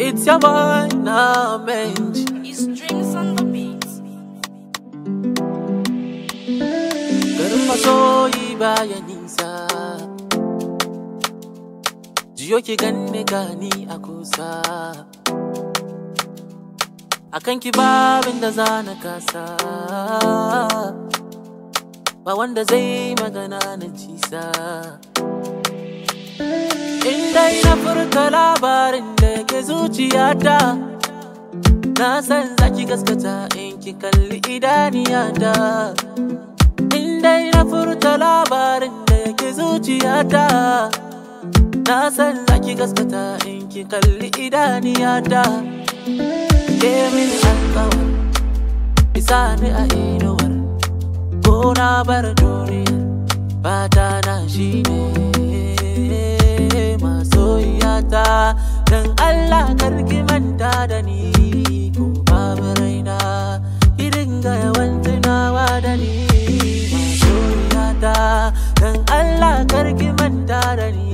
It's your boy, Namenj. It's drinks on the beat. Garin masoyi baya nisa. Jiyo ki ganne gani a kusa. Akan ki babin da zana kasa. Ba wanda zai magana na cisa. In dai na furta labarin zuciyata Na san zaki gaskata in ki kalli idaniyata In dai na furta labarin da yake zuciyata Na san zaki gaskata in ki kalli idaniyata Ke min alkawar, isa ni a inuwar Ko na bar duniya, bata na shi ne Allah karki manta da ni ko babu raina ki dinga yawan tunawa da ni masoyiyata dan Allah karki manta da ni